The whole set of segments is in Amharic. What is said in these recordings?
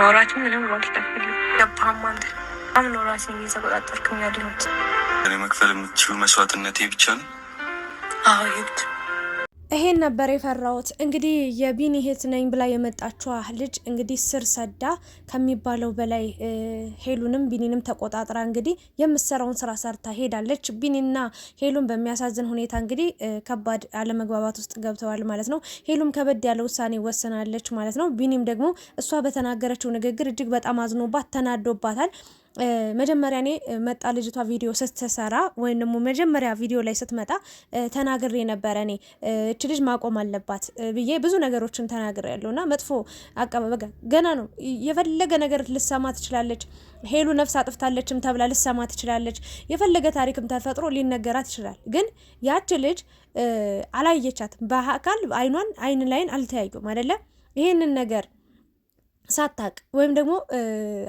ማውራት ምንም ማለት አልጠፍልም። ለፓማንት አምኖ ራሴን እየተቆጣጠርኩኝ እኔ መክፈል የምትችሉ መስዋዕትነቴ ብቻ ነው። አዎ ይብት ይሄን ነበር የፈራሁት። እንግዲህ የቢኒ እህት ነኝ ብላ የመጣችዋ ልጅ እንግዲህ ስር ሰዳ ከሚባለው በላይ ሄሉንም ቢኒንም ተቆጣጥራ እንግዲህ የምትሰራውን ስራ ሰርታ ሄዳለች። ቢኒና ሄሉን በሚያሳዝን ሁኔታ እንግዲህ ከባድ አለመግባባት ውስጥ ገብተዋል ማለት ነው። ሄሉም ከበድ ያለ ውሳኔ ወሰናለች ማለት ነው። ቢኒም ደግሞ እሷ በተናገረችው ንግግር እጅግ በጣም አዝኖባት ተናዶባታል። መጀመሪያ እኔ መጣ ልጅቷ ቪዲዮ ስትሰራ ወይም ደግሞ መጀመሪያ ቪዲዮ ላይ ስትመጣ ተናግሬ ነበረ። እኔ እች ልጅ ማቆም አለባት ብዬ ብዙ ነገሮችን ተናግሬ ያለው እና መጥፎ አቀባበል ገና ነው። የፈለገ ነገር ልሰማ ትችላለች። ሄሉ ነፍስ አጥፍታለችም ተብላ ልሰማ ትችላለች። የፈለገ ታሪክም ተፈጥሮ ሊነገራት ይችላል። ግን ያች ልጅ አላየቻትም። በአካል አይኗን አይን ላይን አልተያዩም አይደለም ይህንን ነገር ሳታቅ ወይም ደግሞ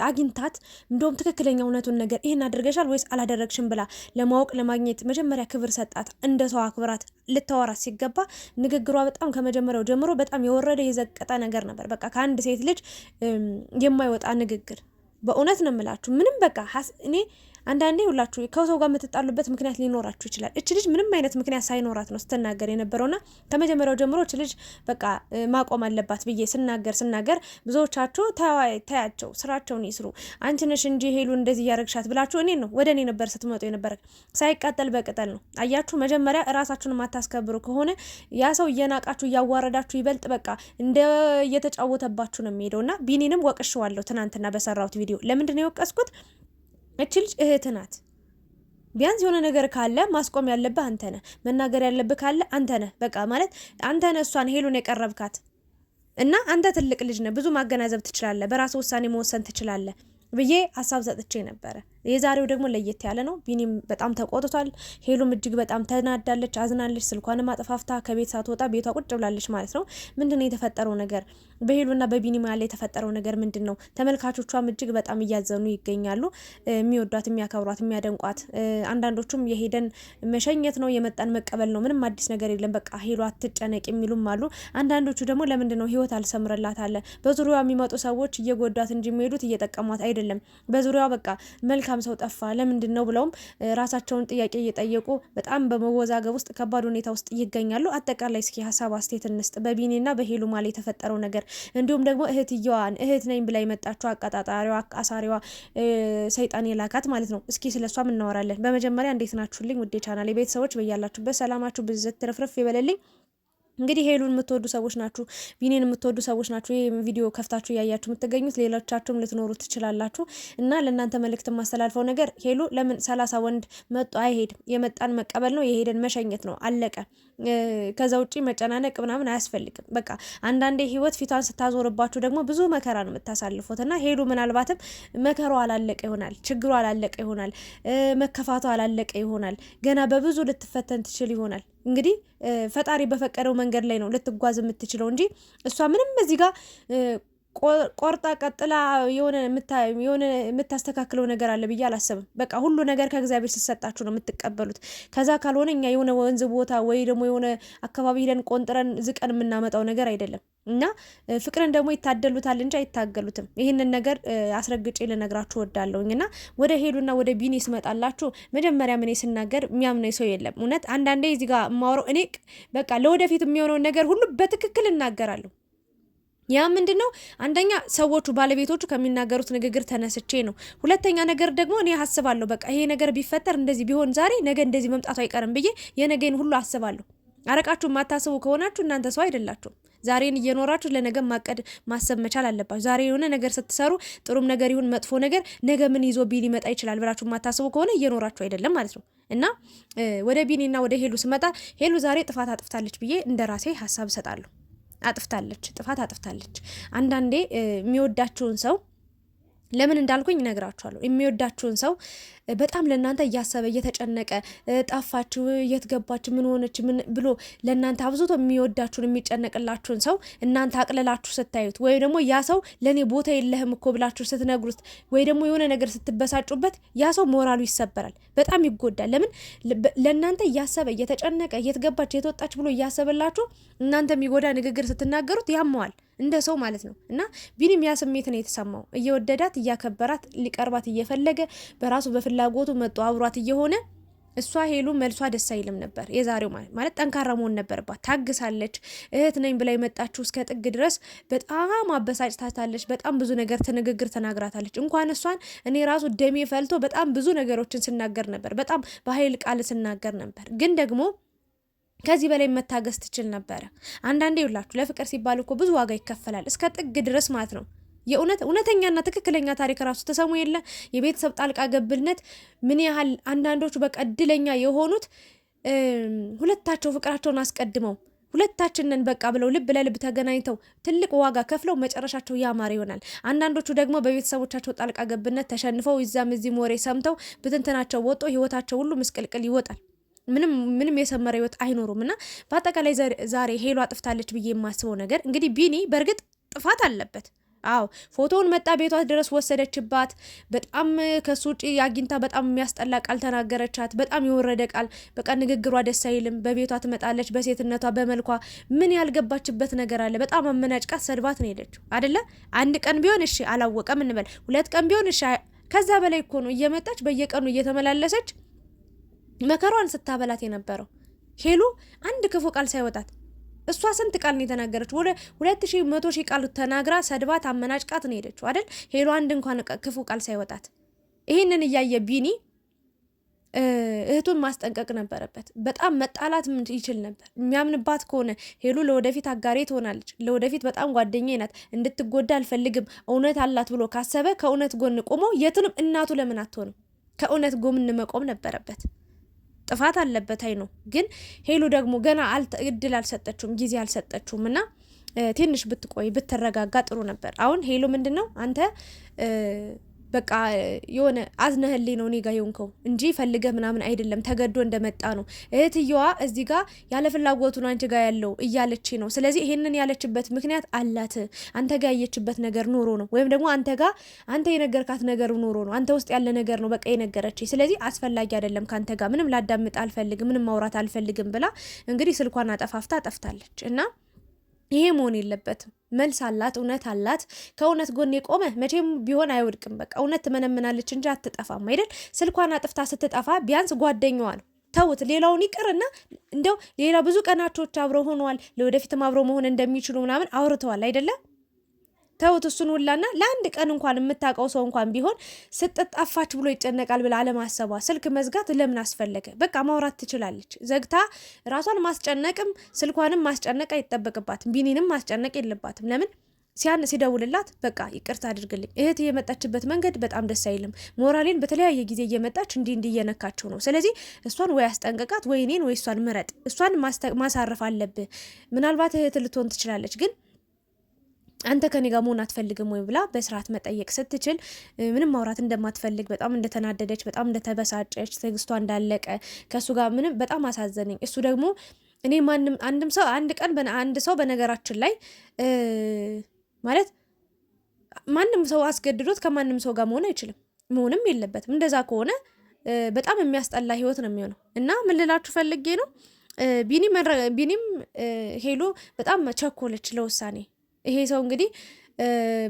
አግኝታት እንደውም ትክክለኛ እውነቱን ነገር ይህን አድርገሻል ወይስ አላደረግሽም ብላ ለማወቅ ለማግኘት መጀመሪያ ክብር ሰጣት። እንደ ሰው አክብራት። ልታወራት ሲገባ ንግግሯ በጣም ከመጀመሪያው ጀምሮ በጣም የወረደ የዘቀጠ ነገር ነበር። በቃ ከአንድ ሴት ልጅ የማይወጣ ንግግር። በእውነት ነው የምላችሁ ምንም በቃ እኔ አንዳንዴ ሁላችሁ ከሰው ጋር የምትጣሉበት ምክንያት ሊኖራችሁ ይችላል። እች ልጅ ምንም አይነት ምክንያት ሳይኖራት ነው ስትናገር የነበረውና ከመጀመሪያው ጀምሮ እች ልጅ በቃ ማቆም አለባት ብዬ ስናገር ስናገር ብዙዎቻችሁ ታያቸው ስራቸውን ይስሩ፣ አንቺ ነሽ እንጂ ሄሉ እንደዚህ እያረግሻት ብላችሁ እኔ ነው ወደ እኔ ነበር ስትመጡ የነበረ። ሳይቃጠል በቅጠል ነው አያችሁ። መጀመሪያ እራሳችሁን የማታስከብሩ ከሆነ ያ ሰው እየናቃችሁ እያዋረዳችሁ ይበልጥ በቃ እንደ እየተጫወተባችሁ ነው የሚሄደውና ቢኒንም ወቅሸዋለሁ ትናንትና በሰራሁት ቪዲዮ ለምንድን ነው የወቀስኩት? እች ልጅ እህት ናት። ቢያንስ የሆነ ነገር ካለ ማስቆም ያለብህ አንተ ነህ። መናገር ያለብህ ካለ አንተ ነህ። በቃ ማለት አንተ ነህ እሷን ሄሉን የቀረብካት እና አንተ ትልቅ ልጅ ነህ። ብዙ ማገናዘብ ትችላለህ። በራስ ውሳኔ መወሰን ትችላለህ ብዬ ሀሳብ ሰጥቼ ነበረ። የዛሬው ደግሞ ለየት ያለ ነው። ቢኒም በጣም ተቆጥቷል። ሄሉም እጅግ በጣም ተናዳለች፣ አዝናለች። ስልኳንም አጥፋፍታ ከቤት ሳትወጣ ቤቷ ቁጭ ብላለች ማለት ነው። ምንድነው የተፈጠረው ነገር? በሄሉና በቢኒ ያለ የተፈጠረው ነገር ምንድን ነው? ተመልካቾቿም እጅግ በጣም እያዘኑ ይገኛሉ። የሚወዷት፣ የሚያከብሯት፣ የሚያደንቋት አንዳንዶቹም የሄደን መሸኘት ነው የመጣን መቀበል ነው፣ ምንም አዲስ ነገር የለም፣ በቃ ሄሉ አትጨነቅ የሚሉም አሉ። አንዳንዶቹ ደግሞ ለምንድን ነው ህይወት አልሰምረላት አለ። በዙሪያዋ የሚመጡ ሰዎች እየጎዷት እንጂ የሚሄዱት እየጠቀሟት አይደለም። በዙሪያዋ በቃ መልካ መልካም ሰው ጠፋ ለምንድን ነው ብለውም ራሳቸውን ጥያቄ እየጠየቁ በጣም በመወዛገብ ውስጥ ከባድ ሁኔታ ውስጥ ይገኛሉ። አጠቃላይ እስኪ ሀሳብ አስቴት እንስጥ በቢኒና በሄሉ ማለ የተፈጠረው ነገር እንዲሁም ደግሞ እህትየዋን እህት ነኝ ብላ የመጣችው አቀጣጣሪዋ አሳሪዋ ሰይጣን የላካት ማለት ነው። እስኪ ስለሷም እናወራለን። በመጀመሪያ እንዴት ናችሁልኝ ውዴ ቻናል ቤተሰቦች፣ በያላችሁበት ሰላማችሁ ብዝት ትርፍርፍ ይበለልኝ። እንግዲህ ሄሉን የምትወዱ ሰዎች ናችሁ፣ ቢኔን የምትወዱ ሰዎች ናችሁ፣ ይህ ቪዲዮ ከፍታችሁ እያያችሁ የምትገኙት ሌሎቻችሁም ልትኖሩ ትችላላችሁ እና ለእናንተ መልእክት የማስተላልፈው ነገር ሄሉ ለምን ሰላሳ ወንድ መጡ አይሄድም። የመጣን መቀበል ነው፣ የሄደን መሸኘት ነው፣ አለቀ። ከዛ ውጪ መጨናነቅ ምናምን አያስፈልግም። በቃ አንዳንዴ ህይወት ፊቷን ስታዞርባችሁ ደግሞ ብዙ መከራ ነው የምታሳልፉት እና ሄሉ ምናልባትም መከራው አላለቀ ይሆናል፣ ችግሩ አላለቀ ይሆናል፣ መከፋቱ አላለቀ ይሆናል፣ ገና በብዙ ልትፈተን ትችል ይሆናል። እንግዲህ ፈጣሪ በፈቀደው መንገድ ላይ ነው ልትጓዝ የምትችለው እንጂ እሷ ምንም እዚህ ጋር ቆርጣ ቀጥላ የሆነ የምታስተካክለው ነገር አለ ብዬ አላሰብም። በቃ ሁሉ ነገር ከእግዚአብሔር ሲሰጣችሁ ነው የምትቀበሉት። ከዛ ካልሆነ እኛ የሆነ ወንዝ ቦታ ወይ ደግሞ የሆነ አካባቢ ሄደን ቆንጥረን ዝቀን የምናመጣው ነገር አይደለም እና ፍቅርን ደግሞ ይታደሉታል እንጂ አይታገሉትም። ይህንን ነገር አስረግጬ ልነግራችሁ ወዳለሁኝ እና ወደ ሄዱና ወደ ቢኒ ስመጣላችሁ መጀመሪያ ምን ስናገር የሚያምነኝ ሰው የለም። እውነት አንዳንዴ እዚህ ጋር የማወራው እኔ በቃ ለወደፊት የሚሆነውን ነገር ሁሉ በትክክል እናገራለሁ ያ ምንድን ነው? አንደኛ ሰዎቹ ባለቤቶቹ ከሚናገሩት ንግግር ተነስቼ ነው። ሁለተኛ ነገር ደግሞ እኔ አስባለሁ፣ በቃ ይሄ ነገር ቢፈጠር እንደዚህ ቢሆን ዛሬ ነገ እንደዚህ መምጣቱ አይቀርም ብዬ የነገን ሁሉ አስባለሁ። አረቃችሁ የማታስቡ ከሆናችሁ እናንተ ሰው አይደላችሁም። ዛሬን እየኖራችሁ ለነገ ማቀድ ማሰብ መቻል አለባችሁ። ዛሬ የሆነ ነገር ስትሰሩ ጥሩም ነገር ይሁን መጥፎ ነገር ነገ ምን ይዞ ቢን ሊመጣ ይችላል ብላችሁ የማታስቡ ከሆነ እየኖራችሁ አይደለም ማለት ነው። እና ወደ ቢኒና ወደ ሄሉ ስመጣ ሄሉ ዛሬ ጥፋት አጥፍታለች ብዬ እንደ ራሴ ሀሳብ እሰጣለሁ። አጥፍታለች፣ ጥፋት አጥፍታለች። አንዳንዴ የሚወዳቸውን ሰው ለምን እንዳልኩኝ እነግራችኋለሁ። የሚወዳችሁን ሰው በጣም ለእናንተ እያሰበ እየተጨነቀ ጠፋችሁ፣ እየትገባችሁ፣ ምን ሆነች፣ ምን ብሎ ለእናንተ አብዝቶ የሚወዳችሁን የሚጨነቅላችሁን ሰው እናንተ አቅልላችሁ ስታዩት ወይ ደግሞ ያ ሰው ለእኔ ቦታ የለህም እኮ ብላችሁ ስትነግሩት ወይ ደግሞ የሆነ ነገር ስትበሳጩበት ያ ሰው ሞራሉ ይሰበራል፣ በጣም ይጎዳል። ለምን ለእናንተ እያሰበ እየተጨነቀ እየትገባችሁ፣ ገባች፣ ብሎ እያሰበላችሁ እናንተ የሚጎዳ ንግግር ስትናገሩት ያመዋል። እንደ ሰው ማለት ነው። እና ቢኒም ያ ስሜት ነው የተሰማው። እየወደዳት እያከበራት ሊቀርባት እየፈለገ በራሱ በፍላጎቱ መጡ አብሯት እየሆነ እሷ ሄሉ መልሷ ደስ አይልም ነበር። የዛሬው ማለት ጠንካራ መሆን ነበርባት ታግሳለች። እህት ነኝ ብላ የመጣችው እስከ ጥግ ድረስ በጣም አበሳጭታታለች። በጣም ብዙ ነገር ትንግግር ተናግራታለች። እንኳን እሷን እኔ ራሱ ደሜ ፈልቶ በጣም ብዙ ነገሮችን ስናገር ነበር። በጣም በኃይል ቃል ስናገር ነበር ግን ደግሞ ከዚህ በላይ መታገስ ትችል ነበረ። አንዳንዴ ይውላችሁ ለፍቅር ሲባል እኮ ብዙ ዋጋ ይከፈላል እስከ ጥግ ድረስ ማለት ነው። የእውነት እውነተኛና ትክክለኛ ታሪክ ራሱ ተሰሙ የለ የቤተሰብ ጣልቃ ገብነት ምን ያህል አንዳንዶቹ በቃ እድለኛ የሆኑት ሁለታቸው ፍቅራቸውን አስቀድመው ሁለታችንን በቃ ብለው ልብ ለልብ ተገናኝተው ትልቅ ዋጋ ከፍለው መጨረሻቸው ያማረ ይሆናል። አንዳንዶቹ ደግሞ በቤተሰቦቻቸው ጣልቃ ገብነት ተሸንፈው ይዛም እዚህም ወሬ ሰምተው ብትንትናቸው ወጦ ህይወታቸው ሁሉ ምስቅልቅል ይወጣል። ምንም ምንም የሰመረ ህይወት አይኖሩም። እና በአጠቃላይ ዛሬ ሄሎ አጥፍታለች ብዬ የማስበው ነገር እንግዲህ ቢኒ በእርግጥ ጥፋት አለበት። አዎ ፎቶውን መጣ ቤቷ ድረስ ወሰደችባት። በጣም ከሱ ውጭ አግኝታ በጣም የሚያስጠላ ቃል ተናገረቻት። በጣም የወረደ ቃል፣ በቃ ንግግሯ ደስ አይልም። በቤቷ ትመጣለች፣ በሴትነቷ በመልኳ ምን ያልገባችበት ነገር አለ? በጣም አመናጭቃት፣ ሰድባት ነው ሄደችው አደለ? አንድ ቀን ቢሆን እሺ አላወቀም እንበል፣ ሁለት ቀን ቢሆን እሺ። ከዛ በላይ እኮ ነው እየመጣች በየቀኑ እየተመላለሰች መከሯን ስታበላት የነበረው ሄሉ አንድ ክፉ ቃል ሳይወጣት እሷ ስንት ቃል ነው የተናገረችው? ወደ ሁለት ሺህ መቶ ሺህ ቃል ተናግራ ሰድባት አመናጭቃት ነው ሄደችው አይደል? ሄሉ አንድ እንኳን ክፉ ቃል ሳይወጣት ይህንን እያየ ቢኒ እህቱን ማስጠንቀቅ ነበረበት። በጣም መጣላት ይችል ነበር። የሚያምንባት ከሆነ ሄሉ ለወደፊት አጋሬ ትሆናለች፣ ለወደፊት በጣም ጓደኛ ናት፣ እንድትጎዳ አልፈልግም፣ እውነት አላት ብሎ ካሰበ ከእውነት ጎን ቆሞ የትንም እናቱ ለምን አትሆንም? ከእውነት ጎን መቆም ነበረበት። ጥፋት አለበት አይ ነው። ግን ሄሉ ደግሞ ገና እድል አልሰጠችውም፣ ጊዜ አልሰጠችውም እና ትንሽ ብትቆይ ብትረጋጋ ጥሩ ነበር። አሁን ሄሉ ምንድን ነው አንተ በቃ የሆነ አዝነህልኝ ነው እኔ ጋ የሆንከው እንጂ ፈልገህ ምናምን አይደለም፣ ተገዶ እንደመጣ ነው። እህትየዋ እዚህ ጋ ያለ ፍላጎቱን አንቺ ጋ ያለው እያለች ነው። ስለዚህ ይሄንን ያለችበት ምክንያት አላት። አንተ ጋ ያየችበት ነገር ኖሮ ነው፣ ወይም ደግሞ አንተ ጋ አንተ የነገርካት ነገር ኖሮ ነው። አንተ ውስጥ ያለ ነገር ነው በቃ የነገረች። ስለዚህ አስፈላጊ አይደለም ከአንተ ጋ ምንም ላዳምጥ አልፈልግም፣ ምንም ማውራት አልፈልግም ብላ እንግዲህ ስልኳን አጠፋፍታ ጠፍታለች እና ይሄ መሆን የለበትም። መልስ አላት፣ እውነት አላት። ከእውነት ጎን የቆመ መቼም ቢሆን አይወድቅም። በቃ እውነት ትመነምናለች እንጂ አትጠፋም አይደል? ስልኳን አጥፍታ ስትጠፋ ቢያንስ ጓደኛዋ ነው ተውት፣ ሌላውን ይቅርና እንደው ሌላ ብዙ ቀናቾች አብረው ሆነዋል፣ ለወደፊትም አብረው መሆን እንደሚችሉ ምናምን አውርተዋል አይደለም ተውት እሱን ሁላና ለአንድ ቀን እንኳን የምታውቀው ሰው እንኳን ቢሆን ስጠጣፋች ብሎ ይጨነቃል ብላ አለማሰቧ፣ ስልክ መዝጋት ለምን አስፈለገ? በቃ ማውራት ትችላለች። ዘግታ ራሷን ማስጨነቅም ስልኳንም ማስጨነቅ አይጠበቅባትም። ቢኒንም ማስጨነቅ የለባትም። ለምን ሲያን ሲደውልላት በቃ ይቅርታ አድርግልኝ እህት የመጣችበት መንገድ በጣም ደስ አይልም። ሞራሌን በተለያየ ጊዜ እየመጣች እንዲህ እንዲህ እየነካችው ነው። ስለዚህ እሷን ወይ አስጠንቅቃት ወይ እኔን ወይ እሷን ምረጥ። እሷን ማሳረፍ አለብህ። ምናልባት እህት ልትሆን ትችላለች ግን አንተ ከኔ ጋር መሆን አትፈልግም ወይ ብላ በስርዓት መጠየቅ ስትችል ምንም ማውራት እንደማትፈልግ በጣም እንደተናደደች፣ በጣም እንደተበሳጨች፣ ትዕግስቷ እንዳለቀ ከእሱ ጋር ምንም በጣም አሳዘነኝ። እሱ ደግሞ እኔ ማንም አንድም ሰው አንድ ቀን አንድ ሰው በነገራችን ላይ ማለት ማንም ሰው አስገድዶት ከማንም ሰው ጋር መሆን አይችልም፣ መሆንም የለበትም። እንደዛ ከሆነ በጣም የሚያስጠላ ህይወት ነው የሚሆነው። እና ምን ልላችሁ ፈልጌ ነው ቢኒም ሄሎ በጣም ቸኮለች ለውሳኔ ይሄ ሰው እንግዲህ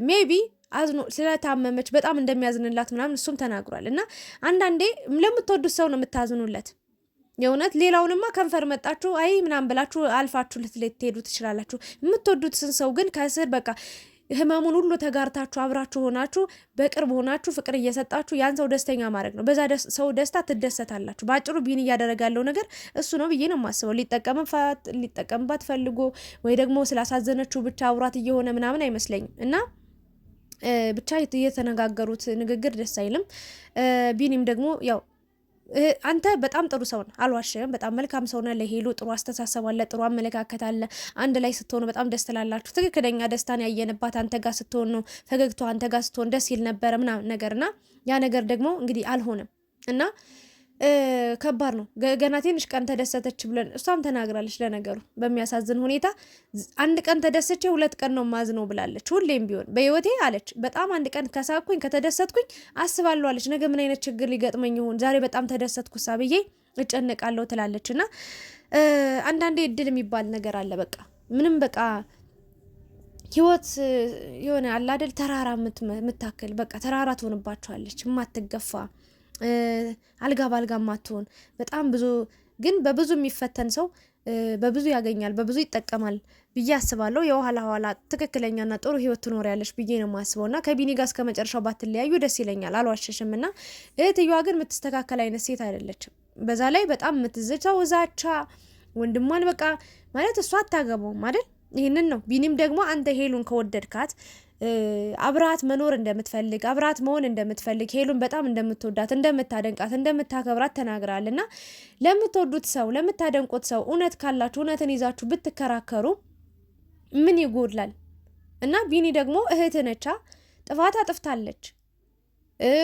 ሜቢ አዝኖ ስለታመመች በጣም እንደሚያዝንላት ምናምን እሱም ተናግሯል። እና አንዳንዴ ለምትወዱት ሰው ነው የምታዝኑለት። የእውነት ሌላውንማ ከንፈር መጣችሁ አይ ምናምን ብላችሁ አልፋችሁ ልትሄዱ ትችላላችሁ። የምትወዱትን ሰው ግን ከስር በቃ ህመሙን ሁሉ ተጋርታችሁ አብራችሁ ሆናችሁ በቅርብ ሆናችሁ ፍቅር እየሰጣችሁ ያን ሰው ደስተኛ ማድረግ ነው። በዛ ሰው ደስታ ትደሰታላችሁ። በአጭሩ ቢን እያደረገ ያለው ነገር እሱ ነው ብዬ ነው የማስበው። ሊጠቀምባት ፈልጎ ወይ ደግሞ ስላሳዘነችው ብቻ አብሯት እየሆነ ምናምን አይመስለኝም እና ብቻ የተነጋገሩት ንግግር ደስ አይልም። ቢኒም ደግሞ ያው አንተ በጣም ጥሩ ሰው ነህ፣ አልዋሽም። በጣም መልካም ሰው ነህ። ለሄሉ ጥሩ አስተሳሰብ አለ፣ ጥሩ አመለካከት አለ። አንድ ላይ ስትሆኑ በጣም ደስ ትላላችሁ። ትክክለኛ ደስታን ያየንባት አንተ ጋር ስትሆን ነው። ፈገግቷ አንተ ጋር ስትሆን ደስ ይል ነበረ ምናምን ነገር እና ያ ነገር ደግሞ እንግዲህ አልሆነም እና ከባድ ነው። ገና ትንሽ ቀን ተደሰተች ብለን እሷም ተናግራለች። ለነገሩ በሚያሳዝን ሁኔታ አንድ ቀን ተደሰች፣ ሁለት ቀን ነው ማዝነው ብላለች። ሁሌም ቢሆን በህይወቴ አለች በጣም አንድ ቀን ከሳኩኝ ከተደሰትኩኝ አስባለሁ አለች። ነገ ምን አይነት ችግር ሊገጥመኝ ይሆን ዛሬ በጣም ተደሰትኩ ሳብዬ እጨነቃለሁ ትላለች። እና አንዳንዴ እድል የሚባል ነገር አለ። በቃ ምንም በቃ ህይወት የሆነ አላደል ተራራ የምታክል በቃ ተራራ ትሆንባቸዋለች የማትገፋ አልጋ በአልጋ ማትሆን በጣም ብዙ ግን በብዙ የሚፈተን ሰው በብዙ ያገኛል፣ በብዙ ይጠቀማል ብዬ አስባለሁ። የኋላ ኋላ ትክክለኛና ጥሩ ህይወት ትኖሪያለሽ ብዬ ነው የማስበው እና ከቢኒ ጋር እስከ መጨረሻው ባትለያዩ ደስ ይለኛል፣ አልዋሸሽም። እና እህትየዋ ግን የምትስተካከል አይነት ሴት አይደለችም። በዛ ላይ በጣም የምትዝተው እዛቻ ወንድሟን በቃ ማለት እሷ አታገባውም አይደል? ይህንን ነው ቢኒም ደግሞ አንተ ሄሉን ከወደድካት አብራት መኖር እንደምትፈልግ አብራት መሆን እንደምትፈልግ ሄሉን በጣም እንደምትወዳት እንደምታደንቃት እንደምታከብራት ተናግራል። እና ለምትወዱት ሰው ለምታደንቁት ሰው እውነት ካላችሁ እውነትን ይዛችሁ ብትከራከሩ ምን ይጎድላል? እና ቢኒ ደግሞ እህት ነቻ ጥፋት አጥፍታለች።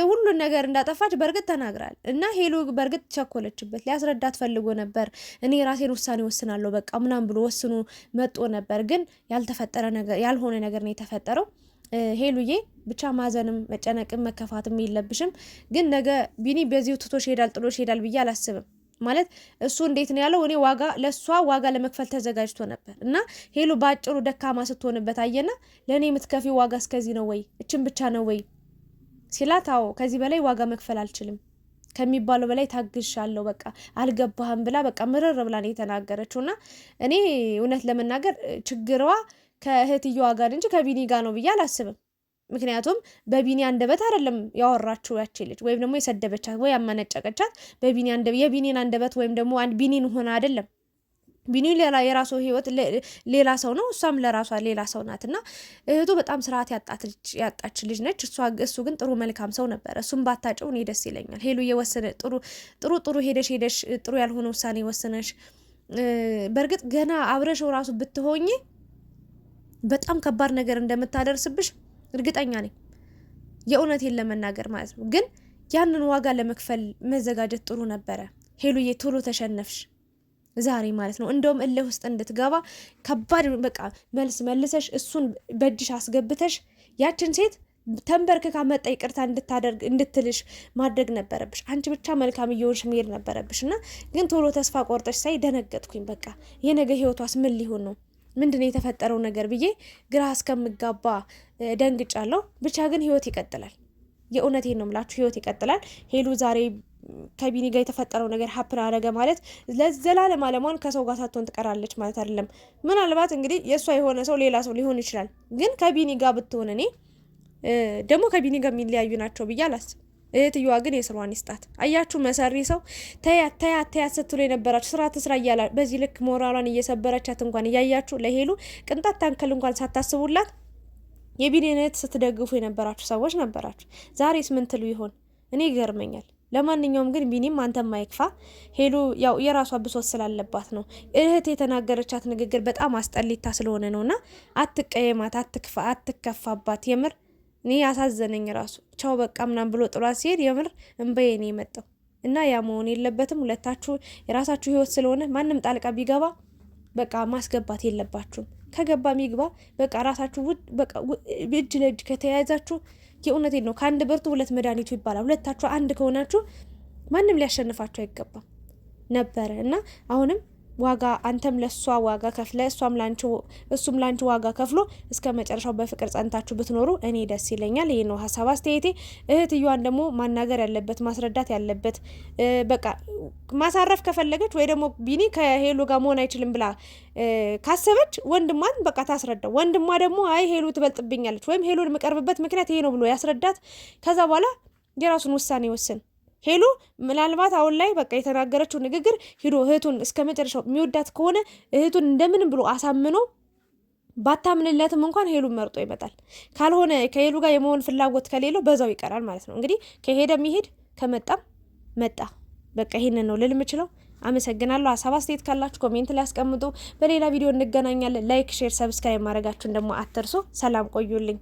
ሁሉን ነገር እንዳጠፋች በእርግጥ ተናግራል። እና ሄሉ በእርግጥ ቸኮለችበት፣ ሊያስረዳት ፈልጎ ነበር። እኔ ራሴን ውሳኔ ወስናለሁ በቃ ምናምን ብሎ ወስኖ መጦ ነበር፣ ግን ያልተፈጠረ ነገር ያልሆነ ነገር ነው የተፈጠረው። ሄሉዬ ብቻ ማዘንም መጨነቅም መከፋትም የለብሽም። ግን ነገ ቢኒ በዚሁ ትቶሽ ሄዳል ጥሎሽ ሄዳል ብዬ አላስብም። ማለት እሱ እንዴት ነው ያለው? እኔ ዋጋ ለእሷ ዋጋ ለመክፈል ተዘጋጅቶ ነበር እና ሄሉ በአጭሩ ደካማ ስትሆንበት አየና ለእኔ የምትከፊ ዋጋ እስከዚህ ነው ወይ እችን ብቻ ነው ወይ ሲላት፣ አዎ ከዚህ በላይ ዋጋ መክፈል አልችልም ከሚባለው በላይ ታግሻለሁ፣ በቃ አልገባህም ብላ በቃ ምርር ብላ ነው የተናገረችው። እና እኔ እውነት ለመናገር ችግሯ ከእህትየዋ ጋር እንጂ ከቢኒ ጋር ነው ብዬ አላስብም። ምክንያቱም በቢኒ አንደበት አይደለም ያወራችው ያቺ ልጅ ወይም ደግሞ የሰደበቻት ወይ ያመነጨቀቻት በቢኒ የቢኒን አንደበት ወይም ደግሞ ቢኒን ሆነ አይደለም። ቢኒ ሌላ የራሱ ህይወት ሌላ ሰው ነው፣ እሷም ለራሷ ሌላ ሰው ናት። እና እህቱ በጣም ስርዓት ያጣች ልጅ ነች። እሱ ግን ጥሩ መልካም ሰው ነበረ። እሱም ባታጭው እኔ ደስ ይለኛል። ሄሉ የወሰነ ጥሩ ጥሩ ጥሩ ሄደሽ ሄደሽ ጥሩ ያልሆነ ውሳኔ ወሰነሽ። በእርግጥ ገና አብረሽው ራሱ ብትሆኝ በጣም ከባድ ነገር እንደምታደርስብሽ እርግጠኛ ነኝ። የእውነቴን ለመናገር ማለት ነው። ግን ያንን ዋጋ ለመክፈል መዘጋጀት ጥሩ ነበረ። ሄሉዬ ቶሎ ተሸነፍሽ ዛሬ ማለት ነው። እንደውም እልህ ውስጥ እንድትገባ ከባድ በቃ መልስ መልሰሽ እሱን በእጅሽ አስገብተሽ ያችን ሴት ተንበርክካ መጣ ይቅርታ እንድታደርግ እንድትልሽ ማድረግ ነበረብሽ። አንቺ ብቻ መልካም እየሆንሽ መሄድ ነበረብሽ እና ግን ቶሎ ተስፋ ቆርጠሽ ሳይ ደነገጥኩኝ። በቃ የነገ ህይወቷስ ምን ሊሆን ነው? ምንድን ነው የተፈጠረው ነገር ብዬ ግራ እስከምጋባ ደንግጫለሁ። ብቻ ግን ህይወት ይቀጥላል። የእውነት ነው ምላችሁ፣ ህይወት ይቀጥላል። ሄሉ ዛሬ ከቢኒ ጋር የተፈጠረው ነገር ሀፕን አደረገ ማለት ለዘላለም አለሟን ከሰው ጋር ሳትሆን ትቀራለች ማለት አይደለም። ምናልባት እንግዲህ የእሷ የሆነ ሰው ሌላ ሰው ሊሆን ይችላል። ግን ከቢኒ ጋር ብትሆን እኔ ደግሞ ከቢኒ ጋር የሚለያዩ ናቸው ብዬ አላስብ እህትየዋ ግን የስሯን ይስጣት። አያችሁ መሰሪ ሰው ተያት ተያት ተያት ስትሉ የነበራችሁ ስራ ትስራ እያላ በዚህ ልክ ሞራሏን እየሰበረቻት እንኳን እያያችሁ ለሄሉ ቅንጣት ታንከል እንኳን ሳታስቡላት የቢኒን እህት ስትደግፉ የነበራችሁ ሰዎች ነበራችሁ። ዛሬስ ምን ትሉ ይሆን? እኔ ይገርመኛል። ለማንኛውም ግን ቢኒም አንተ ማይክፋ ሄሉ ያው የራሷ ብሶት ስላለባት ነው። እህት የተናገረቻት ንግግር በጣም አስጠሊታ ስለሆነ ነውና አትቀየማት፣ አትክፋ፣ አትከፋባት የምር እኔ ያሳዘነኝ ራሱ ቻው በቃ ምናም ብሎ ጥሏት ሲሄድ የምር እንበዬ ነው የመጣው እና ያ መሆን የለበትም። ሁለታችሁ የራሳችሁ ህይወት ስለሆነ ማንም ጣልቃ ቢገባ በቃ ማስገባት የለባችሁም። ከገባ ሚግባ በቃ ራሳችሁ እጅ ለእጅ ከተያያዛችሁ የእውነቴ ነው ከአንድ ብርቱ ሁለት መድኃኒቱ ይባላል። ሁለታችሁ አንድ ከሆናችሁ ማንም ሊያሸንፋችሁ አይገባም ነበረ እና አሁንም ዋጋ አንተም ለእሷ ዋጋ ከፍለ እሷም ላንቺ እሱም ላንቺ ዋጋ ከፍሎ እስከ መጨረሻው በፍቅር ጸንታችሁ ብትኖሩ እኔ ደስ ይለኛል። ይህ ነው ሀሳብ አስተያየቴ። እህትዮዋን ደግሞ ማናገር ያለበት ማስረዳት ያለበት በቃ ማሳረፍ ከፈለገች ወይ ደግሞ ቢኒ ከሄሉ ጋር መሆን አይችልም ብላ ካሰበች ወንድሟን በቃ ታስረዳው። ወንድሟ ደግሞ አይ ሄሉ ትበልጥብኛለች ወይም ሄሉ የምቀርብበት ምክንያት ይሄ ነው ብሎ ያስረዳት። ከዛ በኋላ የራሱን ውሳኔ ወስን። ሄሉ ምናልባት አሁን ላይ በቃ የተናገረችው ንግግር ሂዶ እህቱን እስከ መጨረሻው የሚወዳት ከሆነ እህቱን እንደምንም ብሎ አሳምኖ ባታምንለትም እንኳን ሄሉ መርጦ ይመጣል። ካልሆነ ከሄሉ ጋር የመሆን ፍላጎት ከሌለው በዛው ይቀራል ማለት ነው። እንግዲህ ከሄደ ሚሄድ ከመጣም መጣ። በቃ ይህንን ነው ልል የምችለው። አመሰግናለሁ። ሀሳብ አስተያየት ካላችሁ ኮሜንት ላይ አስቀምጡ። በሌላ ቪዲዮ እንገናኛለን። ላይክ፣ ሼር፣ ሰብስክራይብ ማድረጋችሁን ደግሞ አትርሱ። ሰላም ቆዩልኝ።